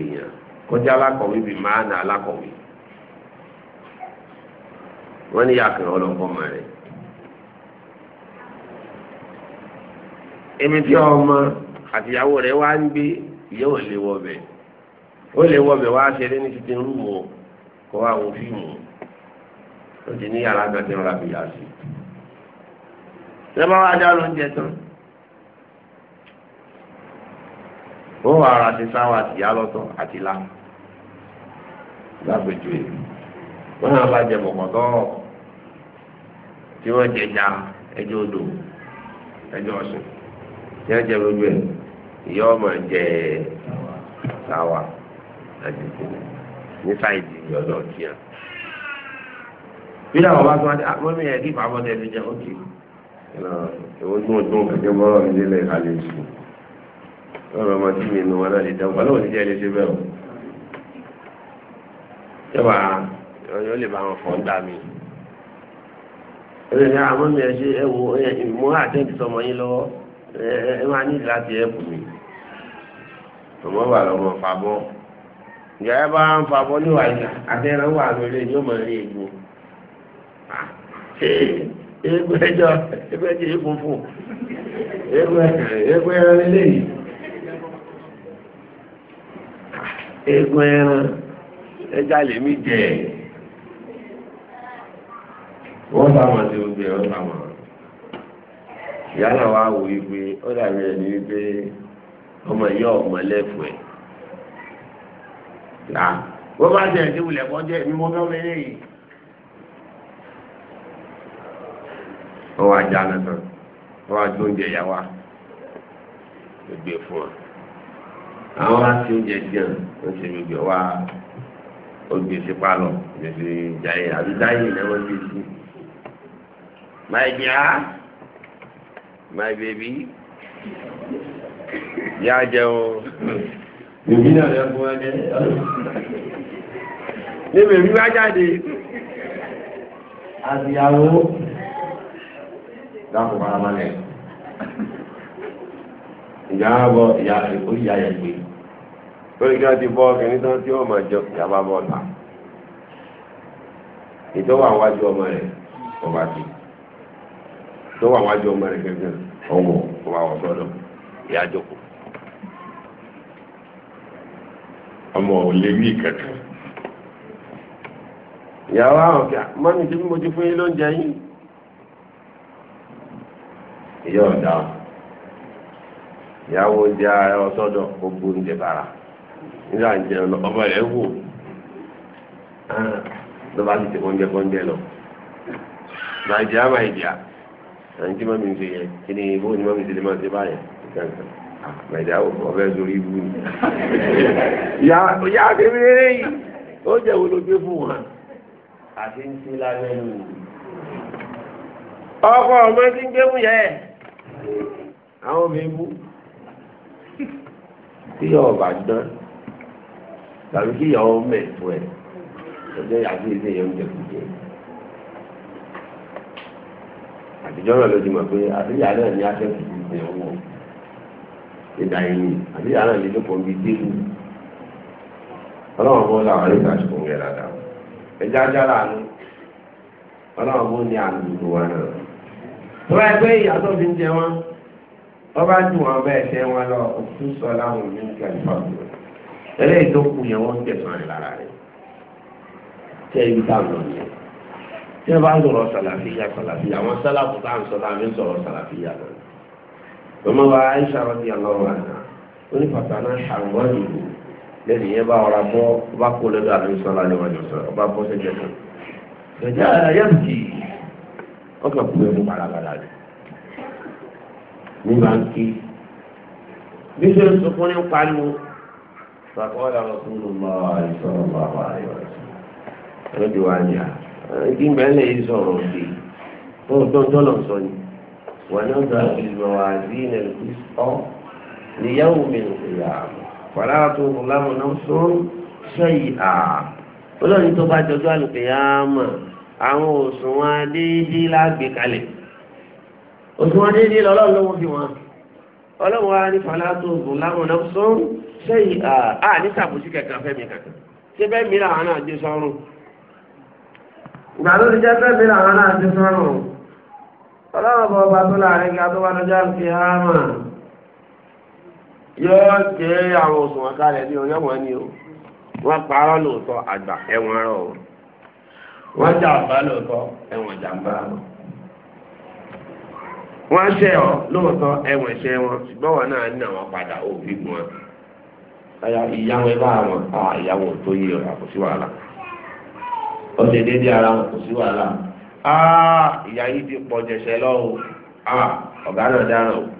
A: kọjá alákọ̀wé bíi máa na alákọ̀wé wọ́n ní yàtọ̀ ọlọ́kọ̀ mọ̀ rẹ̀. èmi tí ọmọ àtìyàwó rẹ̀ wá ń gbé bẹ̀ ó bẹ̀ wá ṣeré ní títí kó wá wo fíìmù tó ti ní yàrá kan tí wọn rà bìyà sí. sẹ́bà wá dá lóúnjẹ tán. ó wà ara ti sáwà àti ìyá lọ́tọ̀ àti ilá lágbèjú èyí wọ́n náà bá jẹ bọ̀kọ̀tọ́ tí wọ́n jẹja ẹjọ́ odò ẹjọ́ ọ̀sìn tí wọ́n jẹ gbogbo ẹ̀ ìyá ọmọ jẹ sáwà àti ní sáìdì ọ̀dọ̀ ọ̀tí ẹ̀. bí làwọn bá tún wá dé àwọn mi yẹn kí fàá bọ́dẹ fi jẹ òkè. ìwọ dún dún kẹ̀kẹ́ bọ́rọ̀ mi délé àlè sùn. lọ́rọ̀ ọmọ tí mi nù wọn náà lè dáhùn pẹ̀lú òní jẹ́ ilé ṣe bẹ́ẹ̀ o. yọba ọyọ lè bá wọn fọ́ gbà mí. ẹ̀rọ ìyá àwọn mi ẹ̀ ṣe ẹ̀ wo ìmú àtẹ̀ǹtì sọmọ yín lọ́wọ́ ẹ̀ máa ní ìlà ti bù mí. tòmọ́ wà lọ́mọ fàbọ́ ìyá bá ń fa bọ́ níwà ìyá àtẹ́rán wà lórí yóò mọ̀ rí egbò egbò ẹjọ́ egbò ẹjọ́ ìfúnfún egbò ẹran lélẹ́yìí egbò ẹran ẹja lèmi jẹ wọ́n bá wọn sí oúnjẹ wọ́n bá wọn ìyá náà wá wò wípé ó dàbí ẹni wípé ọmọ ìyá ọmọ lẹ́fọ̀ẹ́ nà bó bá jẹ ẹdín wulẹ̀ bọ́ jẹ ẹ̀mí mọ́bẹ́ ọmọ eléyìí. ó wá já lọ sọ ó wá tó oúnjẹ yà wá ó gbé fún wa àwọn wá sí oúnjẹ jẹun ó ṣe gbogbo wa ó gbé sí pálọ̀ gbèsè jàyè àbí táyé ìnáwó gbé sí. my dear my baby yá jẹun. bèbí náà lè fún ẹ jẹ. lèmi rí wá jáde. àtìyàwó dákun fara balẹ̀ ìyá bọ ìyá yẹn lórí ti bọ́ ọkùnrin tán tí jọ ìyàbá ọmọ rẹ̀ ọba ti ọmọ rẹ̀ ọba ìyá ọmọ ò lè kankan. ìyàwó àwọn kí mọ́mí tí mo ti fún yín lóúnjẹ yín ìyá ọ̀dà ìyàwó oúnjẹ ara ọ̀sọ́dọ̀ gbogbo oúnjẹ bàrà nígbà ń jẹun ọmọ rẹ̀ wò ah, lọ́ba ti tẹ̀kọ́ oúnjẹ kọ́ńjẹ lọ nàìjíríà nàìjíríà ẹni tí mọ́mí ń ṣe yẹ kí ni bó ni mọ́mí ti lè máa ṣe ah, sórí ibú ni. ó jẹ́ gbé fún wọn. àti ń sí lábẹ́ ẹnu yìí. ọkọ ọmọ ti ń gbéwù yẹ àwọn mi bú tí yọọ bá dán tàbí kí yọọ mẹtọ ẹ ọjọ́ àti ilé yẹn ń jẹ kújẹ àtijọ́ náà ló ti mọ̀ pé àtijọ́ náà ní akẹ́kọ̀ọ́ ti ń wọ̀ ìdá yìí àtijọ́ náà ní lóko ń bi dé ọlọ́run fún wọn làwọn àlejò àṣùkò ń yẹ dáadáa ẹja jára ni ọlọ́run bó ní àlùkò wa náà tó bá gbé ìyàtọ̀ fi ń jẹ wọn wọ́n bá dùn wọn bẹ́ẹ̀ tẹ́ wọn lọ òkú sọ láwọn ní kẹlifásitì eléyìí tó kù yẹn wọ́n ń tẹ̀sán rẹ̀ lára rẹ̀ tẹ́ ibi táwọn lọ yẹn tí wọ́n bá ń sọ̀rọ̀ sàlàfíà sàlàfíà àwọn sálàfù tá à ń sọ láàmì ń sọ̀rọ̀ sàlàfíà lọ. ọmọ wa aisha rọ́bì aláwọ̀ àná ó ní pàtàkì lẹ́nu yẹn bá ọ̀rá bọ́ ọba kó lọ́dọ̀ àdúgbò sọ́lá ní wájú sọ ọba bọ́ sẹ́jẹ̀ kan. ìjọba ayélujára ọkàn kú ẹnu balabala rẹ̀ ní báńkì bí ṣe ń sọkún ní pariwo sàkọ́lá ọkùnrin ló máa wà ní sọ̀rọ̀ máa wà ní wájú. ẹlẹ́dìí wá ní à ẹ̀ẹ́dì mẹ́lẹ̀ yìí sọ̀rọ̀ òde tó ń tó ń tọ́lọ̀ sọ ni wà ní ọ̀dọ̀ àgbègbè wà ní ilẹ̀ ìgbésọ̀ ní yàwó mi nìyàwó fàlà tó ń lámọ̀ náà sún sẹ́yìn à olóyìn tó bá jọjú àlùkè yá mọ̀ àwọn òṣùwọ̀n déédéé lágbè kalẹ̀ òṣùwọ̀n déédéé lọ́lọ́run ló ń fi wọn ọlọ́run wa ní fàlà tó ń lámọ̀ náà sún sẹ́yìn à á ní sàbòsí kẹ̀kẹ́ fẹ́mi kẹ̀kẹ́ ṣé bẹ́ẹ̀ mi làwọn náà dé sọ́run ìgbà tó ti mi làwọn náà dé sọ́run ọlọ́run bọ̀ ọba tó láàrin ga tó wá lọ́jọ́ àlùkè yá mọ̀ yóò gé àwọn òṣùwọ̀n kalẹ̀ ní oyún wọn ni o wọ́n parọ́ lóòótọ́ àgbà ẹ̀wọ̀n rọ̀ o wọ́n jàǹbá lóòótọ́ ẹ̀wọ̀n jàǹbá rọ̀ wọ́n ṣe ọ lóòótọ́ ẹ̀wọ̀n ṣe wọn ṣùgbọ́n wọn náà ní àwọn padà òbí wọn ìyàwó ẹ bá wọn ìyàwó tó yé ọ̀rọ̀ kò sí wàhálà ó ṣe déédéé ara wọn kò sí wàhálà ìyá yìí ti pọ̀ jẹ̀ṣẹ̀ lọ́wọ́ ọ̀gá náà dáràn o.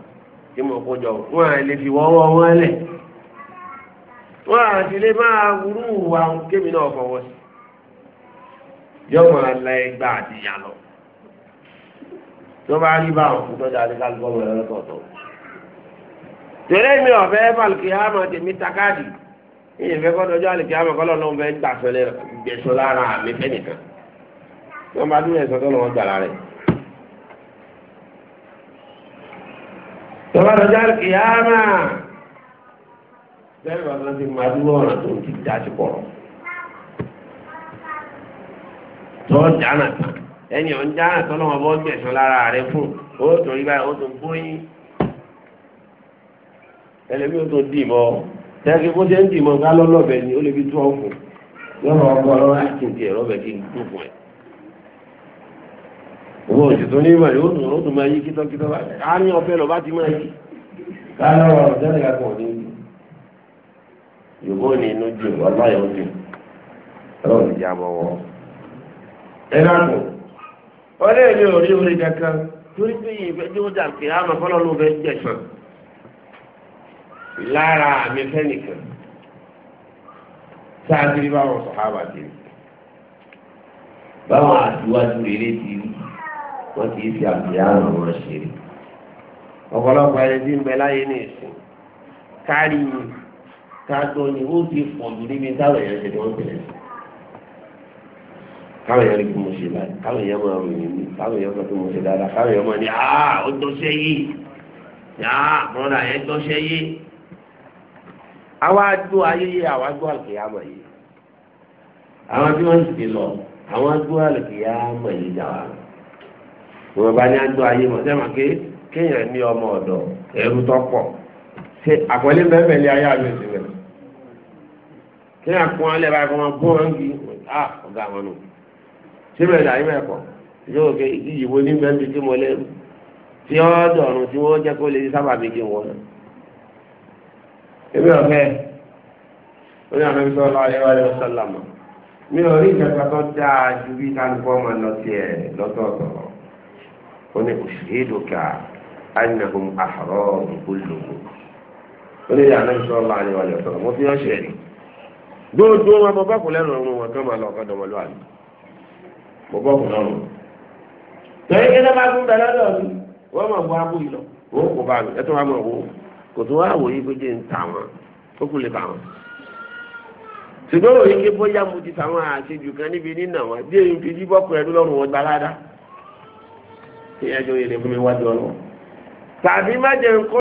A: tí mo kó jọ wọn à lè fi wọ́wọ́ wọn lẹ̀ wọn à sì lè máa wúrú wa kémi náà fọwọ́ sí yóò máa la ẹgbà àti ìyá lọ tó bá rí bá àwọn tó dáa ní kálukọ́ wọn lọ́tọ̀ọ̀tọ̀ tẹ̀lé mi ọ̀fẹ́ balùkì àmọ̀ tèmi takáàdì ìyẹn fẹ́ kọ́ dọjọ́ àlùkì àmọ̀ kọ́ lọ́nà ọ̀fẹ́ gbàsọ̀lẹ̀ gbẹ̀sọ̀ lára àmì fẹ́ nìkan tó bá dúró ẹ̀sọ́ tó lọ́wọ́ gbà lára ẹ̀. tọ́lá lọ́jọ́ àkìyàmà bẹ́ẹ̀ bá wọn ti máa dúró ọ̀nà tó ti dá sí pọ̀ tọ́ dáná tán ẹni ọ̀ ń dáná tán lọ́wọ́ bọ́ gbẹ̀sán lára rẹ fún ó tó rí báyìí ó tó gbóyìn ẹlẹ́bí ó tó dì mọ́ tẹ́kí bó ṣe ń dì mọ́ ká lọ́lọ́bẹ̀ ni ó lè fi tú ọ̀fun lọ́wọ́ ọgbọ́n lọ́wọ́ àti ìdí ẹ̀rọ bẹ̀ kí n dùn fún ẹ̀ owó oṣù tó ní ìmọ̀ yóò tún yóò tún máa yí kítọ́kítọ́ bá a ní ọ̀fẹ́ lọ bá ti máa yí. káyọ̀ ọ̀rọ̀ jẹ́rìí kakọ̀ ní yòbó ní inú jù ọlọ́yọ̀ jù ọlọ́run ti jábọ̀ wọ́. ẹ dàpọ̀ ọlẹ́ mi ò rí orí kankan torí pé ìfẹ́ tí ó dà pé àmọ́ fọlọ́ ló fẹ́ jẹ̀sán lára àmì fẹ́nìkan sáà tí báwọn sọ̀hábà ti rí báwọn àtiwájú rere ti rí wọn kì í fi àbíyáàrùn wọn ṣe ọ̀pọ̀lọpọ̀ ẹni tí ń bẹ láyé ní ìsìn kárí kájọ ni ó ti pọ̀ jù níbi táwọn èèyàn ṣe ni wọ́n tẹ̀lé sí káwọn èèyàn rí kí mo ṣe báyìí káwọn èèyàn máa ròyìn mi káwọn èèyàn máa kí mo ṣe dáadáa káwọn èèyàn máa ní àá ó dọ́ṣẹ́ yìí àá bọ́dà yẹn dọ́ṣẹ́ yìí àwa adó ayẹyẹ àwa adó àlùkìyàmọ yìí àwọn tí wọ́n ti lọ àwọn adó àlùkìyàmọ yìí dà lọ wọn bá ní adó ayé wọn sẹ́wọ̀n ké kéèyàn ní ọmọ ọ̀dọ̀ ẹrú tó pọ̀ ṣe àpẹẹlẹ mẹ́fẹ̀ẹ́ lé ayé àjọ ìsinmi rẹ̀ kéèyàn kún alẹ́ báyìí fún wọn bó wọn kì í à ọ̀gá wọn nù síbẹ̀ dàrí mẹ́kọ̀ yóò ké ìyìnbó ní mẹ́fẹ̀ẹ́ tí mo lẹ́rú tí ó dọ̀rùn tí wọ́n jẹ́ kó lè sábà mi kí wọn. ebi ọ̀fẹ́ oní àmì sọ́lá ayéwájú sọ́lá mọ̀ mi ò rí ìjọba tó dáa ju bí kálukọ́ máa lọ sí ẹ̀ lọ́tọ̀ọ̀tọ̀ wọ́n ní òṣèlúkà anahum àhọ́rọ́ ìgbólugbò wọ́n ní ìyá náà sọ̀rọ̀ láàrin wa lẹ́sọ̀rọ̀ mo fi hàn ṣe rí dóòdó wọn mo bá kù lẹ́nu ọ̀run wọn kàn máa lọ ọ̀kadà wọn lọ́wọ́ àná mo bá kù lọ́rùn. tẹ̀lé kí ló máa gún bẹ́ẹ̀ lọ́dọ̀ mi wọ́n máa bọ abúlé lọ wọ́n kò bá mi ẹ̀tọ́ wa máa òye kí bóyá mo ti tàwọn àṣejù kan níbi nínà wọn bí èyí fi yíbọ̀ kù ẹ̀dú wọn gbalada kí ẹjọ́ yẹn lè fún mi wájú ọlọ́run tàbí má jẹ́ nǹkan.